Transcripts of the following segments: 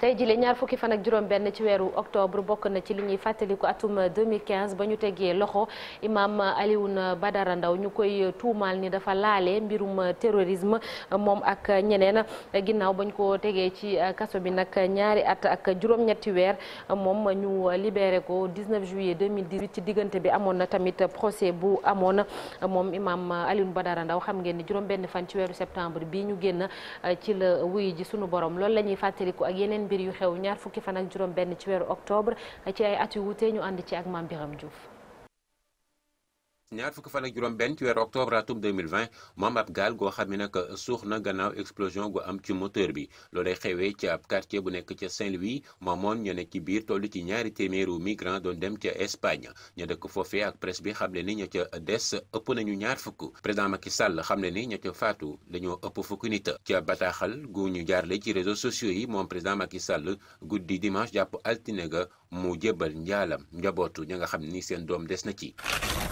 tey jile ñaar fukki fan ak juróom benn ci weeru octobre bokk na ci li ñuy fàttaliku atum 2015 ba ñu tegee loxo imam Alioune Badara ndaw ñu koy tuumaal ni dafa laale mbirum terrorisme moom ak ñeneen ginnaaw ba ñu ko tegee ci kaso bi nag ñaari at ak juróom-ñetti weer moom ñu libéré ko 19 juillet 2018 ci diggante bi amoon na tamit procès bu amoon na moom imam Alioune Badara ndaw xam ngeen ni juróom benn fan ci weeru septembre bi ñu génn ci la wuyu ji sunu borom loolu la ñuy fàttaliku ak yeneen mbir yu xew ñaar fukki fan ak juróom benn ci weeru octobre ci ay at yu wuute ñu ànd ci ak maam Mame Birame Diouf ñaar fukki fan ak juróom benn ci weeru octobre atum 2020 ab gaal goo xam ne nag suux na gannaaw explosion gu am ci moteur bi loolay xewee ci ab quartier bu nekk ca Saint-Louis moom ñu ne ci biir toll ci ñaari téeméeru migrant doon dem ca Espagne ñu dëkk foofee ak presse bi xamle ni ña ca des ëpp nañu ñaar fukk président Macky Sall xamle ni ña ca faatu dañoo ëpp fukki nit ca bataaxal gu ñu jaarle ci réseaux sociaux yi moom président Macky Sall guddi dimanche jàpp altine ga mu jébbal njaalam njabootu ña nga xam ni seen doom des na ci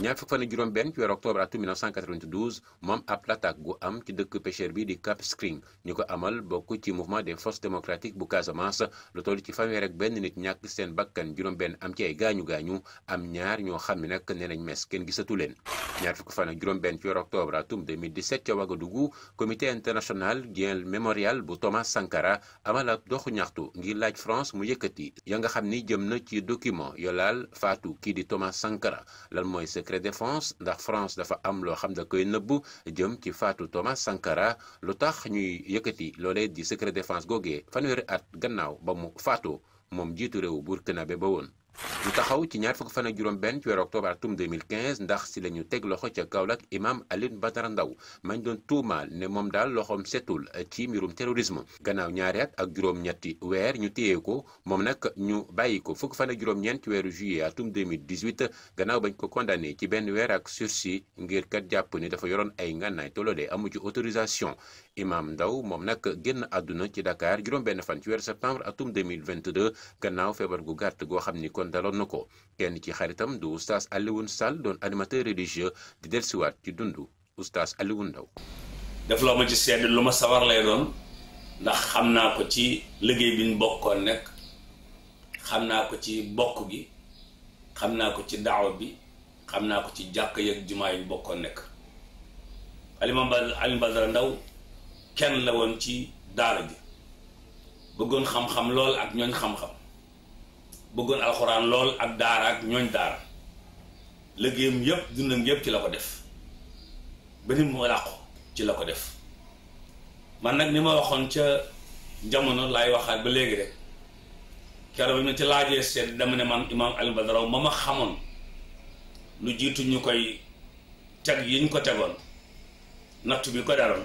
ñaar juróom benn ci weer octobre atum gu am ci dëkk pêcheur bi di ñu ko amal bokk ci mouvement des forces démocratiques bu Casamance lu toll ci benn nit ñàkk seen bakkan juróom benn am ci ay gaañu gaañu am ñaar ñoo xam ne nag nee nañ mes kenn gisatu leen juróom benn ci weer octobre atum 2017 ca Ouagadougou comité international du mémorial bu Thomas Sankara amal ab doxu ñaxtu ngir laaj France mu yëkkati ya nga xam ni jëm na ci document yo laal faatu kii di Thomas Sankara lan mooy secret défense ndax France dafa am loo xam da koy nëbbu jëm ci faatu Thomas Sankara lu tax ñuy yëkkati loolee di secret défense googee fanweeri at gannaaw ba mu faatoo moom jiitu réew Burkina ba woon. ñu taxaw ci ñaar fukk fan juróom benn ci weeru octobre atum 2015 ndax si la ñu teg loxo ca Kaolack imam Alioune Badara ndaw mañ doon tuumaal ne moom daal loxoom setul ci mbirum terrorisme gannaaw ñaari ak juróom-ñetti weer ñu téye ko moom nag ñu bàyyi ko fukk fan ak juróom-ñeent ci weeru juillet atum 2018 gannaaw bañ ko condamné ci benn weer ak sursis ngir kat jàpp ni dafa yoroon ay ngànnaay tolloodee amu ci autorisation imam ndaw moom nag génn àdduna ci dakaar juróom benn fan ci weeru septembre atum 2022 gannaaw feebar gu gàtt goo xam ni ko kon daloon na ko ci xaritam du oustaz Alioune Sall doon di dellusiwaat ci dundu oustaz Alioune Ndao daf ma ci sedd lu ma sawar lay doon ndax xam naa ko ci liggéey bi ñu bokkoon nekk xam naa ko ci bokk gi xam naa ko ci daaw bi xam naa ko ci jàkk yeeg jumaa yi bokkoo nekk Alioune Alioune Badara Ndao kenn la woon ci daara ji bëggoon xam-xam lool ak ñooñ xam-xam bëggoon alxuraan lool ak daara ak ñooñ daara liggéeyam yëpp dundam yëpp ci la ko def ba ni mu làqu ci la ko def man nag ni ma waxoon ca jamono laay waxaat ba léegi rek keroog bi ma ci laajee seet dama ne man imaam Alioune Badara ma ma xamoon lu jiitu ñu koy teg yi ñu ko tegoon nattu bi ko daroon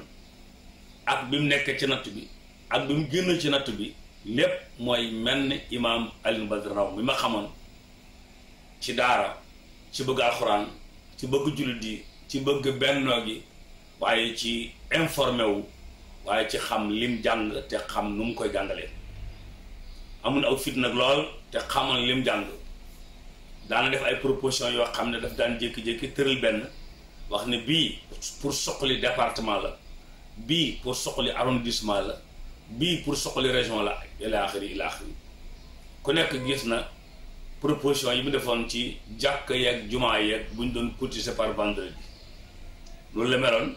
ak bi mu nekk ci nattu bi ak bi mu génn ci nattu bi lépp mooy menn imaam Alioune Badara bi ma xamoon ci daara ci bëgg alxuraan ci bëgg jullit yi ci bëgg bennoo gi waaye ci informé wu waaye ci xam lim jàng te xam nu mu koy jàngalee amun aw fit nag lool te xamoon lim jàng daana def ay proposition yoo xam ne daf daan jékki-jékki tëral benn wax ne bii pour soqali département la bii pour soqali arrondissement la bii pour soxali région la ila axiri ila axiri ku nekk gis na proposition yi mu defoon ci jàkk yeeg jumaa yeeg bu ñu doon cotiser par vendredi loolu la meloon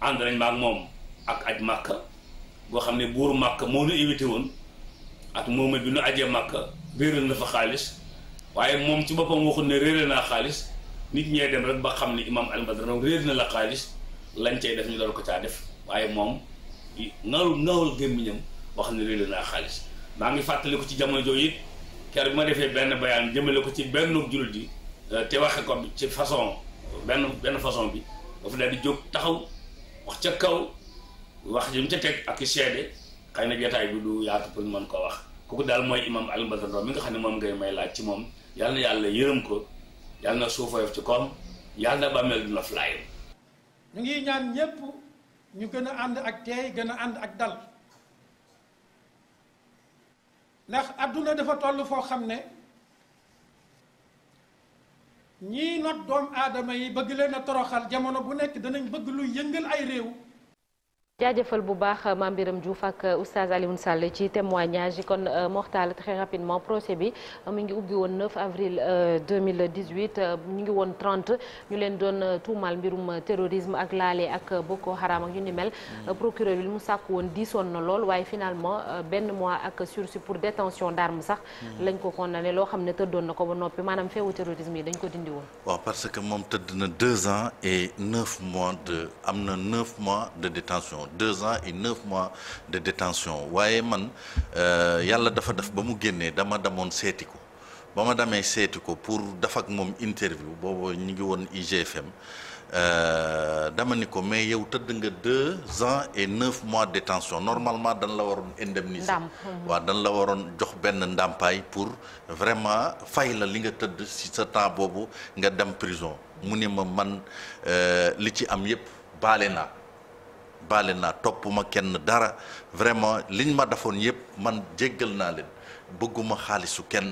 ànd nañ ma ak moom ak aj màkka boo xam ne buuru màkka moo nu invité woon ak moom bi nu ajee màkka réeral na fa xaalis waaye moom ci boppam waxul ne réeral naa xaalis nit ñee dem rek ba xam ne imam al Badara réer na la xaalis lañ cay def ñu door ko caa def waaye moom ngawul ngawul gémmiñam wax ne léeg-léeg naa xaalis maa ngi fàttaliku ci jamono jooy it ker bi ma defee benn bayaan jëmale ko ci benn jullit yi euh, te waxe ko ci façon benn benn façon bi dafa daal di jóg taxaw wax ca kaw wax jëm ca teg ak i seede xëy na jotaay bi du yaatu pour mën ko wax kooku daal mooy imam Alioune Badara Ndao mi nga xam ne moom ngay may laaj ci moom yàlla na yàlla yërëm ko yàlla na suufayof ci koom yàlla na bàmmeel dina fulaayam ñu ngi ñaan ñëpp ñu gën a ànd ak teey gën a ànd ak dal ndax àdduna dafa toll foo xam ne ñii not doom aadama yi bëgg leen toroxal jamono bu nekk danañ bëgg luy yëngal ay réew jaajëfal bu baax euh, Mame Birame Diouf ak euh, oustaz Alioune Sall ci témoignage yi kon euh, mortal très rapidement procès bi mu ngi ubbi woon 9 avril 2018 ñu ngi woon 30 ñu leen doon tuumaal mbirum terrorisme ak laale ak Boko Haram ak yu ni mel mm. procureur bi mu sàkk woon diisoon na lool waaye finalement benn mois ak sursis pour détention d'armes sax mm. lañ ko condamné loo xam ne tëddoon na ko ba noppi maanaam feewu terrorisme yi dañ ko dindi woon waaw parce que moom tëdd na deux ans et deux ans et neuf mois de détention waaye man euh, yàlla dafa def ba mu génnee dama demoon seeti ko ba ma demee seeti ko pour def ak moom interview boobu ñu ngi woon IGFM euh, dama ni ko mais yow tëdd nga deux ans et neuf mois de détention normalement dañ la waroon indemniser waa dañ la waroon jox benn ndàmpaay pour vraiment fay la li nga tëdd si sa temps boobu nga dem prison mu ne ma man euh, li ci am yépp baale naa baale naa topp kenn dara vraiment liñ ma defoon yëpp man jéggal naa leen bëgguma xaalisu kenn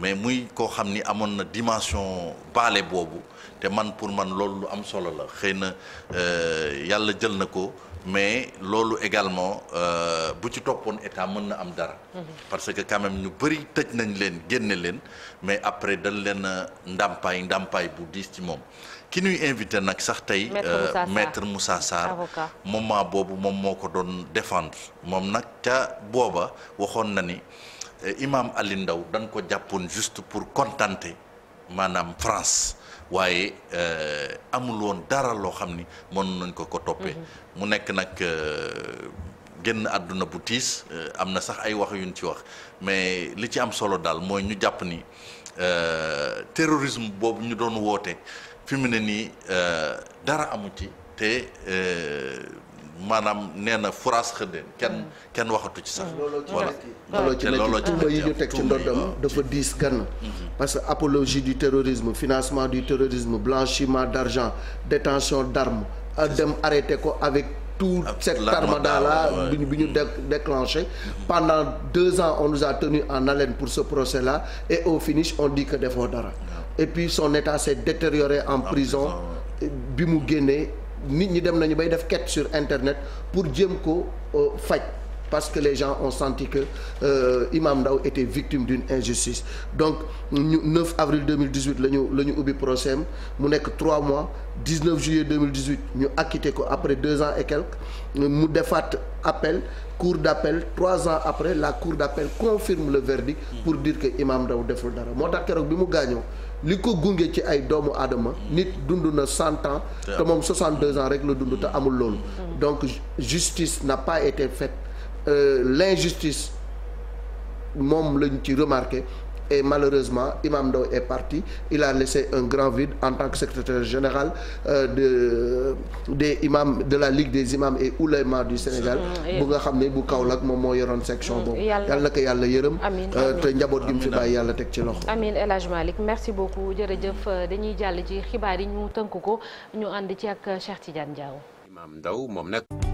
mais muy koo xam ni amoon na dimension baale boobu te man pour man loolu lu am solo la xëy na euh, yàlla jël na ko mais loolu également euh, bu ci toppoon état mën na am dara. Mm-hmm. parce que quand ñu bëri tëj nañ leen génne leen mais après dal leen ndàmpaay ndàmpaay bu diis ci moom. ki ñuy invité nag sax tey maître euh, mussa Sarr moment boobu moom moo ko doon défendre moom nag ca booba waxoon na ni euh, imam Ali Ndaw dañ ko jàppoon juste pour contenter maanaam France waaye euh, amul woon dara loo xam ni mën nañ ko ko toppee mhm. mu nekk nag génn àdduna bu tiis am na sax ay wax yu yuñ ci wax mais li ci am solo daal mooy ñu jàpp ni terrorisme boobu ñu doon woote fi mu ne nii euh, dara amu ci te euh, maanaam nee na furaas xëddeen kenn kenn waxatu ci sax. voilà looloo ci nekk tuuma ñu teg ci ndoddam dafa diis gan. Mhm. parce que apologie du terrorisme financement du terrorisme blanchiment d'argent détention d'armes euh, dem arrêté ko avec. tout cette armada là bi bu bi ñu déclenché mhm. pendant deux ans on nous a tenu en haleine pour ce procès la et au finish on dit que defoo dara et puis son état s'est détérioré en ah, prison bi mu génnee nit ñi dem nañu bay def quête sur internet pour jëm ko euh, faj parce que les gens ont senti que euh, Imam Ndao était victime d'une injustice donc ñu 9 avril 2018 la ñu la ñu ubbi procès am mu nekk 3 mois 19 juillet 2018 ñu acquitté ko après 2 ans et quelques mu defaat appel cour d'appel 3 ans après la cour d'appel confirme le verdict pour dire que Imam Ndao deful dara moo tax keroog bi mu gaañoo li ko gunge ci ay doomu aadama nit dund na cent ans te moom 62 ans rek la dundu te amul loolu mm. donc justice n'a pas été faite Euh, l'injustice moom lañ ci remarqué et malheureusement Imam Ndao et parti il a laissé un grand vide en tant que secrétaire général euh, de des imams de la Ligue des imams et oulémas du Sénégal mm, bu nga xam ne bu kaw Kaolack moom moo yoroon section mm, boobu yàlla na ko yàlla yërëm euh, te njaboot gi mu si bàyyi yàlla teg ci loxo amiin El Hadj Malick merci beaucoup jërëjëf dañuy jàll ci xibaar yi ñu tënk ko ñu ànd ci ak Cheikh Tidiane Diaw Imam Ndao moom nag